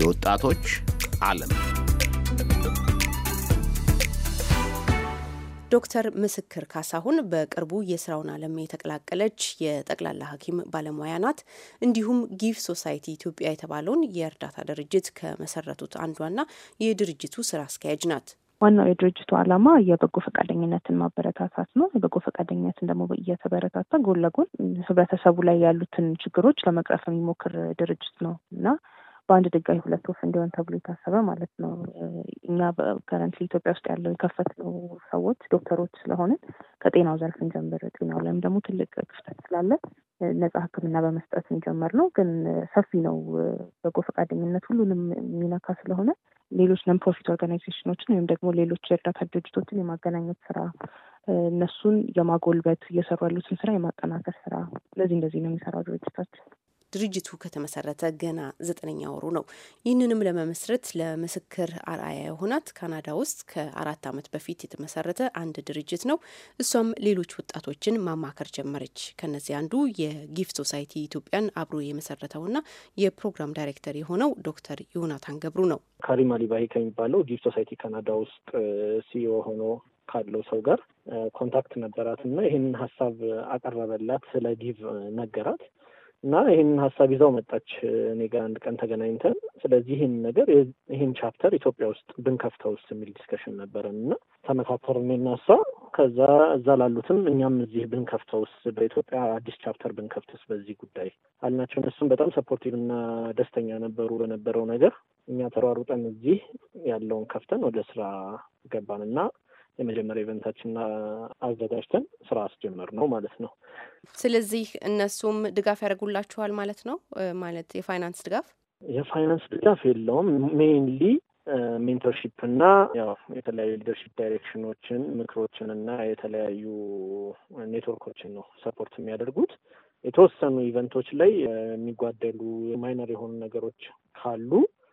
የወጣቶች ዓለም ዶክተር ምስክር ካሳሁን በቅርቡ የስራውን ዓለም የተቀላቀለች የጠቅላላ ሐኪም ባለሙያ ናት። እንዲሁም ጊቭ ሶሳይቲ ኢትዮጵያ የተባለውን የእርዳታ ድርጅት ከመሰረቱት አንዷና የድርጅቱ ስራ አስኪያጅ ናት። ዋናው የድርጅቱ ዓላማ የበጎ ፈቃደኝነትን ማበረታታት ነው። የበጎ ፈቃደኝነትን ደግሞ እየተበረታታ ጎን ለጎን ህብረተሰቡ ላይ ያሉትን ችግሮች ለመቅረፍ የሚሞክር ድርጅት ነው እና በአንድ ድንጋይ ሁለት ወፍ እንዲሆን ተብሎ የታሰበ ማለት ነው። እኛ ከረንት ኢትዮጵያ ውስጥ ያለው የከፈትነው ሰዎች ዶክተሮች ስለሆነ ከጤናው ዘርፍ እንጀምር። ጤናው ላይም ደግሞ ትልቅ ክፍተት ስላለ ነጻ ሕክምና በመስጠት እንጀምር ነው። ግን ሰፊ ነው። በጎ ፈቃደኝነት ሁሉንም የሚነካ ስለሆነ ሌሎች ነን ፕሮፊት ኦርጋናይዜሽኖችን ወይም ደግሞ ሌሎች የእርዳታ ድርጅቶችን የማገናኘት ስራ እነሱን የማጎልበት እየሰሩ ያሉትን ስራ የማጠናከር ስራ ስለዚህ እንደዚህ ነው የሚሰራው ድርጅታችን። ድርጅቱ ከተመሰረተ ገና ዘጠነኛ ወሩ ነው። ይህንንም ለመመስረት ለምስክር አርአያ የሆናት ካናዳ ውስጥ ከአራት ዓመት በፊት የተመሰረተ አንድ ድርጅት ነው። እሷም ሌሎች ወጣቶችን ማማከር ጀመረች። ከነዚህ አንዱ የጊፍት ሶሳይቲ ኢትዮጵያን አብሮ የመሰረተውና የፕሮግራም ዳይሬክተር የሆነው ዶክተር ዮናታን ገብሩ ነው። ካሪም አሊባሂ ከሚባለው ጊፍት ሶሳይቲ ካናዳ ውስጥ ሲዮ ሆኖ ካለው ሰው ጋር ኮንታክት ነበራት እና ይህንን ሀሳብ አቀረበላት። ስለ ጊቭ ነገራት። እና ይህንን ሀሳብ ይዘው መጣች እኔ ጋር አንድ ቀን ተገናኝተን። ስለዚህ ይህን ነገር ይህን ቻፕተር ኢትዮጵያ ውስጥ ብንከፍተው ውስጥ የሚል ዲስከሽን ነበረን እና ተመካከርን እኔና ከዛ እዛ ላሉትም እኛም እዚህ ብንከፍተውስ በኢትዮጵያ አዲስ ቻፕተር ብንከፍትስ በዚህ ጉዳይ አልናቸው። እነሱም በጣም ሰፖርቲቭ እና ደስተኛ ነበሩ በነበረው ነገር። እኛ ተሯሩጠን እዚህ ያለውን ከፍተን ወደ ስራ ገባን እና የመጀመሪያ ኢቨንታችን አዘጋጅተን ስራ አስጀመር ነው ማለት ነው። ስለዚህ እነሱም ድጋፍ ያደርጉላችኋል ማለት ነው። ማለት የፋይናንስ ድጋፍ የፋይናንስ ድጋፍ የለውም። ሜይንሊ ሜንቶርሺፕ እና ያው የተለያዩ ሊደርሺፕ ዳይሬክሽኖችን፣ ምክሮችን እና የተለያዩ ኔትወርኮችን ነው ሰፖርት የሚያደርጉት። የተወሰኑ ኢቨንቶች ላይ የሚጓደሉ ማይነር የሆኑ ነገሮች ካሉ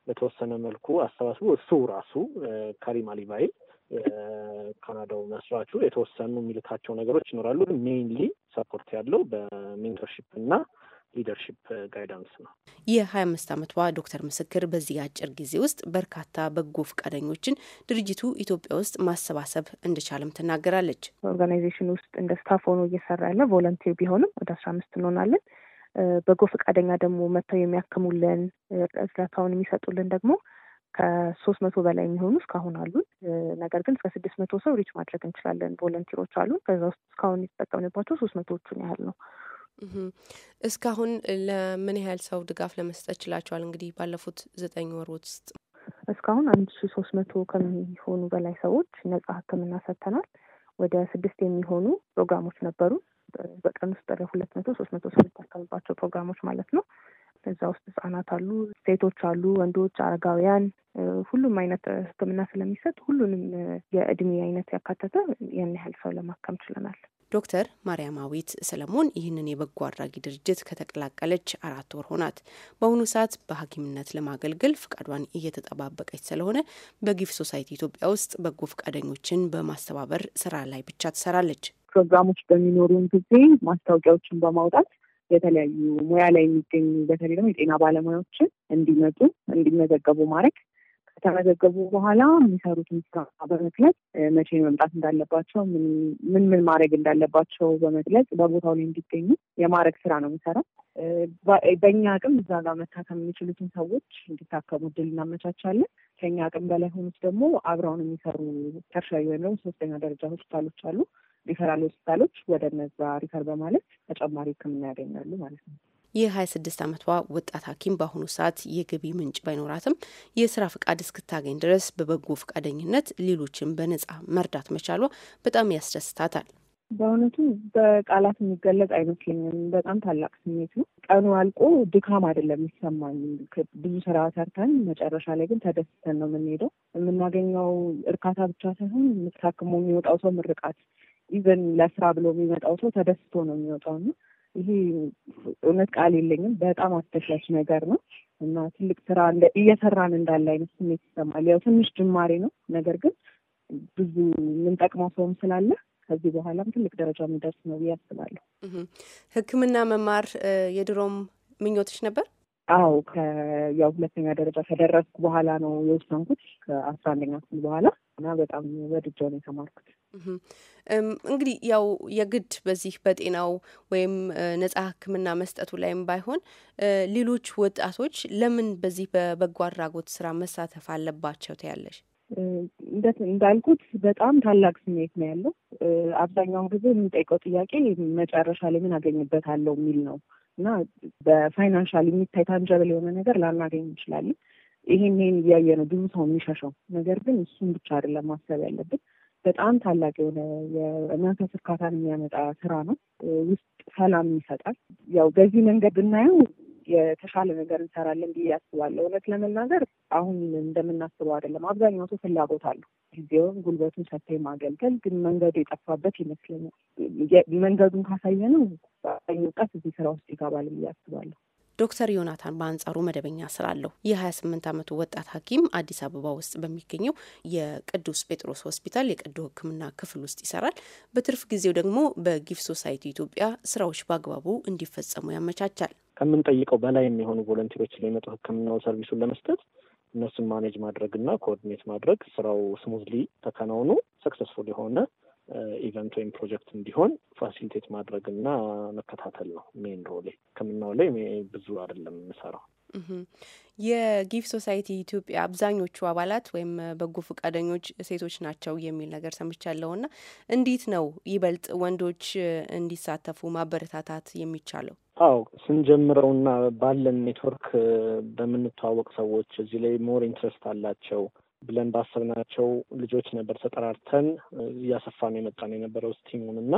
በተወሰነ መልኩ አሰባስቡ እሱ ራሱ ካሪማ ሊባይል ካናዳው መስራቹ የተወሰኑ የሚልካቸው ነገሮች ይኖራሉ። ሜይንሊ ሰፖርት ያለው በሜንቶርሺፕ እና ሊደርሺፕ ጋይዳንስ ነው። የሀያ አምስት ዓመቷ ዶክተር ምስክር በዚህ አጭር ጊዜ ውስጥ በርካታ በጎ ፈቃደኞችን ድርጅቱ ኢትዮጵያ ውስጥ ማሰባሰብ እንደቻለም ትናገራለች። ኦርጋናይዜሽን ውስጥ እንደ ስታፍ ሆኖ እየሰራ ያለ ቮለንቲር ቢሆንም ወደ አስራ አምስት እንሆናለን። በጎ ፈቃደኛ ደግሞ መጥተው የሚያክሙልን እርዳታውን የሚሰጡልን ደግሞ ከሶስት መቶ በላይ የሚሆኑ እስካሁን አሉን። ነገር ግን እስከ ስድስት መቶ ሰው ሪች ማድረግ እንችላለን። ቮለንቲሮች አሉን። ከዛ ውስጥ እስካሁን የተጠቀምንባቸው ሶስት መቶዎቹን ያህል ነው። እስካሁን ለምን ያህል ሰው ድጋፍ ለመስጠት ችላቸዋል? እንግዲህ ባለፉት ዘጠኝ ወር ውስጥ እስካሁን አንድ ሺ ሶስት መቶ ከሚሆኑ በላይ ሰዎች ነጻ ሕክምና ሰጥተናል። ወደ ስድስት የሚሆኑ ፕሮግራሞች ነበሩ። በቀን ውስጥ ሁለት መቶ ሶስት መቶ ሰው የሚታከምባቸው ፕሮግራሞች ማለት ነው። እዛ ውስጥ ህጻናት አሉ፣ ሴቶች አሉ፣ ወንዶች፣ አረጋውያን ሁሉም አይነት ህክምና ስለሚሰጥ ሁሉንም የእድሜ አይነት ያካተተ ያን ያህል ሰው ለማከም ችለናል። ዶክተር ማርያማዊት ሰለሞን ይህንን የበጎ አድራጊ ድርጅት ከተቀላቀለች አራት ወር ሆናት። በአሁኑ ሰዓት በሐኪምነት ለማገልገል ፍቃዷን እየተጠባበቀች ስለሆነ በጊፍ ሶሳይቲ ኢትዮጵያ ውስጥ በጎ ፈቃደኞችን በማስተባበር ስራ ላይ ብቻ ትሰራለች። ፕሮግራሞች በሚኖሩን ጊዜ ማስታወቂያዎችን በማውጣት የተለያዩ ሙያ ላይ የሚገኙ በተለይ ደግሞ የጤና ባለሙያዎችን እንዲመጡ እንዲመዘገቡ ማድረግ ከተመዘገቡ በኋላ የሚሰሩትን ስራ በመግለጽ መቼ መምጣት እንዳለባቸው ምን ምን ማድረግ እንዳለባቸው በመግለጽ በቦታው ላይ እንዲገኙ የማድረግ ስራ ነው የሚሰራው። በእኛ አቅም እዛ ጋር መታከም የሚችሉትን ሰዎች እንዲታከሙ እድል እናመቻቻለን። ከኛ አቅም በላይ ሆኑት ደግሞ አብረውን የሚሰሩ ተርሻሪ ወይም ደግሞ ሶስተኛ ደረጃ ሆስፒታሎች አሉ። ሪፈራል ሆስፒታሎች ወደ ነዛ ሪፈር በማለት ተጨማሪ ሕክምና ያገኛሉ ማለት ነው። ይህ 26 ዓመቷ ወጣት ሐኪም በአሁኑ ሰዓት የገቢ ምንጭ ባይኖራትም የስራ ፍቃድ እስክታገኝ ድረስ በበጎ ፈቃደኝነት ሌሎችን በነጻ መርዳት መቻሏ በጣም ያስደስታታል። በእውነቱ በቃላት የሚገለጽ አይመስለኝም። በጣም ታላቅ ስሜት ነው። ቀኑ አልቆ ድካም አይደለም የሚሰማኝ። ብዙ ስራ ሰርተን መጨረሻ ላይ ግን ተደስተን ነው የምንሄደው። የምናገኘው እርካታ ብቻ ሳይሆን ታክሞ የሚወጣው ሰው ምርቃት ኢቨን ለስራ ብሎ የሚመጣው ሰው ተደስቶ ነው የሚወጣው። እና ይሄ እውነት ቃል የለኝም፣ በጣም አስደሳች ነገር ነው እና ትልቅ ስራ እየሰራን እንዳለ አይነት ስሜት ይሰማል። ያው ትንሽ ጅማሬ ነው፣ ነገር ግን ብዙ የምንጠቅመው ሰውም ስላለ ከዚህ በኋላም ትልቅ ደረጃ የሚደርስ ነው ብዬ አስባለሁ። ሕክምና መማር የድሮም ምኞትሽ ነበር? አዎ ያው ሁለተኛ ደረጃ ከደረስኩ በኋላ ነው የወሰንኩት ከአስራ አንደኛ ክፍል በኋላ እና በጣም ወድጄ ነው የተማርኩት። እንግዲህ ያው የግድ በዚህ በጤናው ወይም ነጻ ሕክምና መስጠቱ ላይም ባይሆን ሌሎች ወጣቶች ለምን በዚህ በበጎ አድራጎት ስራ መሳተፍ አለባቸው ትያለሽ? እንዳልኩት በጣም ታላቅ ስሜት ነው ያለው። አብዛኛውን ጊዜ የምንጠይቀው ጥያቄ መጨረሻ ላይ ምን አገኝበታለሁ የሚል ነው። እና በፋይናንሻል የሚታይ ታንጀብል የሆነ ነገር ላናገኝ እንችላለን። ይሄን ይሄን እያየ ነው ብዙ ሰው የሚሸሸው። ነገር ግን እሱን ብቻ አይደለም ማሰብ ያለብን። በጣም ታላቅ የሆነ የመንፈስ እርካታን የሚያመጣ ስራ ነው። ውስጥ ሰላም ይሰጣል። ያው በዚህ መንገድ ብናየው የተሻለ ነገር እንሰራለን ብዬ ያስባለሁ። እውነት ለመናገር አሁን እንደምናስበው አይደለም። አብዛኛው ሰው ፍላጎት አለው። ጊዜውን ጉልበቱን ሰጥቶ ማገልገል ግን መንገዱ የጠፋበት ይመስለኛል። መንገዱን ካሳየነው አብዛኛው ወጣት እዚህ ስራ ውስጥ ይገባል ብዬ ያስባለሁ። ዶክተር ዮናታን በአንጻሩ መደበኛ ስራ አለው። የ28 ዓመቱ ወጣት ሐኪም አዲስ አበባ ውስጥ በሚገኘው የቅዱስ ጴጥሮስ ሆስፒታል የቀዶ ሕክምና ክፍል ውስጥ ይሰራል። በትርፍ ጊዜው ደግሞ በጊፍ ሶሳይቲ ኢትዮጵያ ስራዎች በአግባቡ እንዲፈጸሙ ያመቻቻል። ከምንጠይቀው በላይ የሚሆኑ ቮለንቲሮች ሊመጡ ሕክምናው ሰርቪሱን ለመስጠት እነሱን ማኔጅ እና ኮኦርዲኔት ማድረግ ስራው ስሙዝሊ ተከናውኖ ሰክሰስፉል የሆነ ኢቨንት ወይም ፕሮጀክት እንዲሆን ፋሲሊቴት ማድረግ እና መከታተል ነው ሜን ሮሌ። ከምናው ላይ ብዙ አይደለም የምሰራው። የጊፍ ሶሳይቲ ኢትዮጵያ አብዛኞቹ አባላት ወይም በጎ ፈቃደኞች ሴቶች ናቸው የሚል ነገር ሰምቻለሁ። ና እንዴት ነው ይበልጥ ወንዶች እንዲሳተፉ ማበረታታት የሚቻለው? አው ስንጀምረውና ባለን ኔትወርክ በምንተዋወቅ ሰዎች እዚህ ላይ ሞር ኢንትረስት አላቸው ብለን ባሰብናቸው ልጆች ነበር ተጠራርተን እያሰፋን የመጣን የነበረው ስቲሙን እና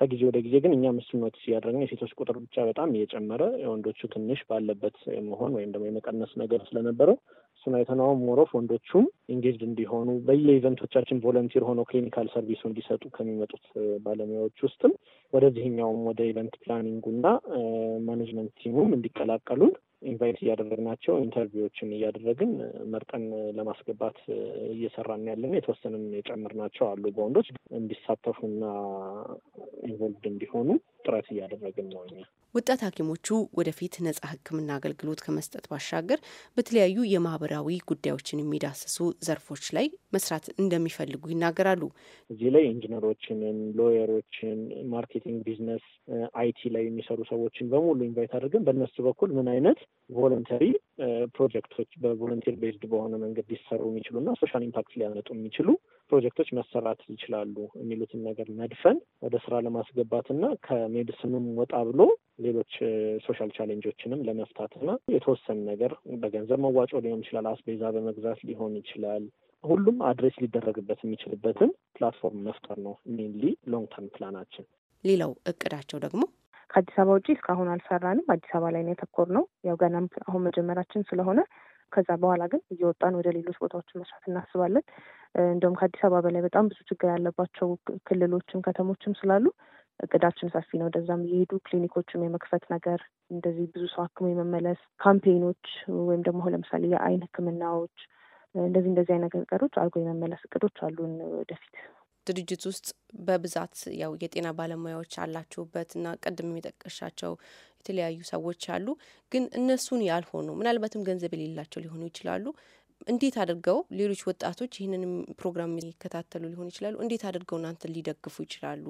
ከጊዜ ወደ ጊዜ ግን እኛ እሱን ኖቲስ እያደረግን የሴቶች ቁጥር ብቻ በጣም እየጨመረ የወንዶቹ ትንሽ ባለበት መሆን ወይም ደግሞ የመቀነስ ነገር ስለነበረው እሱን አይተናው ሞሮፍ ወንዶቹም ኢንጌጅድ እንዲሆኑ በየኢቨንቶቻችን ቮለንቲር ሆነው ክሊኒካል ሰርቪሱ እንዲሰጡ ከሚመጡት ባለሙያዎች ውስጥም ወደዚህኛውም ወደ ኢቨንት ፕላኒንጉና ማኔጅመንት ቲሙም እንዲቀላቀሉን ኢንቫይት እያደረግናቸው ኢንተርቪዎችን እያደረግን መርጠን ለማስገባት እየሰራን ያለን የተወሰንም የጨምርናቸው አሉ። በወንዶች እንዲሳተፉና ኢንቮልቭድ እንዲሆኑ ጥረት እያደረግን ነው እኛ። ወጣት ሐኪሞቹ ወደፊት ነጻ ሕክምና አገልግሎት ከመስጠት ባሻገር በተለያዩ የማህበራዊ ጉዳዮችን የሚዳስሱ ዘርፎች ላይ መስራት እንደሚፈልጉ ይናገራሉ። እዚህ ላይ ኢንጂነሮችንን፣ ሎየሮችን፣ ማርኬቲንግ፣ ቢዝነስ፣ አይቲ ላይ የሚሰሩ ሰዎችን በሙሉ ኢንቫይት አድርገን በእነሱ በኩል ምን አይነት ቮለንተሪ ፕሮጀክቶች በቮለንቴር ቤዝድ በሆነ መንገድ ሊሰሩ የሚችሉ እና ሶሻል ኢምፓክት ሊያመጡ የሚችሉ ፕሮጀክቶች መሰራት ይችላሉ የሚሉትን ነገር ነድፈን ወደ ስራ ለማስገባትና ከሜዲስኑም ወጣ ብሎ ሌሎች ሶሻል ቻሌንጆችንም ለመፍታትና የተወሰነ ነገር በገንዘብ መዋጮ ሊሆን ይችላል፣ አስቤዛ በመግዛት ሊሆን ይችላል። ሁሉም አድሬስ ሊደረግበት የሚችልበትን ፕላትፎርም መፍጠር ነው ሜንሊ ሎንግ ተርም ፕላናችን። ሌላው እቅዳቸው ደግሞ ከአዲስ አበባ ውጭ እስካሁን አልሰራንም። አዲስ አበባ ላይ ነው የተኮር ነው። ያው ገና አሁን መጀመራችን ስለሆነ ከዛ በኋላ ግን እየወጣን ወደ ሌሎች ቦታዎችን መስራት እናስባለን። እንደውም ከአዲስ አበባ በላይ በጣም ብዙ ችግር ያለባቸው ክልሎችም ከተሞችም ስላሉ እቅዳችን ሰፊ ነው። ወደዛም እየሄዱ ክሊኒኮችም የመክፈት ነገር እንደዚህ ብዙ ሰው አክሞ የመመለስ ካምፔኖች ወይም ደግሞ ለምሳሌ የአይን ሕክምናዎች እንደዚህ እንደዚህ አይነት ነገሮች አድርጎ የመመለስ እቅዶች አሉን ወደፊት። ድርጅት ውስጥ በብዛት ያው የጤና ባለሙያዎች አላችሁበት እና ቅድም የጠቀሻቸው የተለያዩ ሰዎች አሉ። ግን እነሱን ያልሆኑ ምናልባትም ገንዘብ የሌላቸው ሊሆኑ ይችላሉ። እንዴት አድርገው ሌሎች ወጣቶች ይህንን ፕሮግራም የሚከታተሉ ሊሆን ይችላሉ። እንዴት አድርገው እናንተን ሊደግፉ ይችላሉ?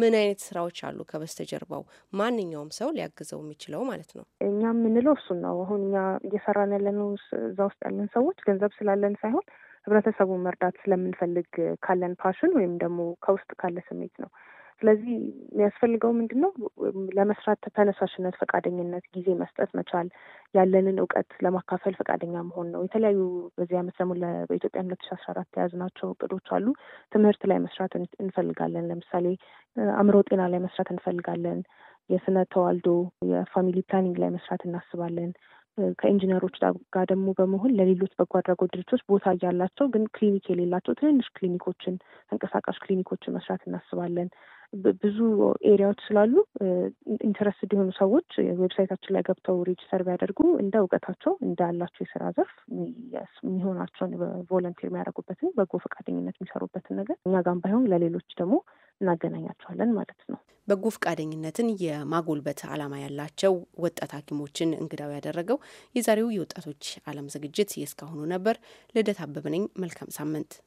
ምን አይነት ስራዎች አሉ ከበስተጀርባው? ማንኛውም ሰው ሊያግዘው የሚችለው ማለት ነው። እኛ የምንለው እሱን ነው። አሁን እኛ እየሰራን ያለነው እዛ ውስጥ ያለን ሰዎች ገንዘብ ስላለን ሳይሆን ህብረተሰቡን መርዳት ስለምንፈልግ ካለን ፓሽን ወይም ደግሞ ከውስጥ ካለ ስሜት ነው። ስለዚህ የሚያስፈልገው ምንድን ነው? ለመስራት ተነሳሽነት፣ ፈቃደኝነት፣ ጊዜ መስጠት መቻል፣ ያለንን እውቀት ለማካፈል ፈቃደኛ መሆን ነው። የተለያዩ በዚህ አመት ደግሞ በኢትዮጵያ ሁለት ሺ አስራ አራት የያዝናቸው እቅዶች አሉ። ትምህርት ላይ መስራት እንፈልጋለን። ለምሳሌ አእምሮ ጤና ላይ መስራት እንፈልጋለን። የስነ ተዋልዶ የፋሚሊ ፕላኒንግ ላይ መስራት እናስባለን። ከኢንጂነሮች ጋር ደግሞ በመሆን ለሌሎች በጎ አድራጎት ድርጅቶች ቦታ እያላቸው ግን ክሊኒክ የሌላቸው ትንንሽ ክሊኒኮችን ተንቀሳቃሽ ክሊኒኮችን መስራት እናስባለን። ብዙ ኤሪያዎች ስላሉ ኢንተረስትድ የሆኑ ሰዎች ዌብሳይታችን ላይ ገብተው ሬጅስተር ቢያደርጉ እንደ እውቀታቸው እንዳላቸው የስራ ዘርፍ የሚሆናቸውን ቮለንቲር የሚያደርጉበትን በጎ ፈቃደኝነት የሚሰሩበትን ነገር እኛ ጋም ባይሆን ለሌሎች ደግሞ እናገናኛቸዋለን ማለት ነው። በጎ ፈቃደኝነትን የማጎልበት ዓላማ ያላቸው ወጣት ሐኪሞችን እንግዳው ያደረገው የዛሬው የወጣቶች ዓለም ዝግጅት የእስካሁኑ ነበር። ልደት አበበ ነኝ። መልካም ሳምንት።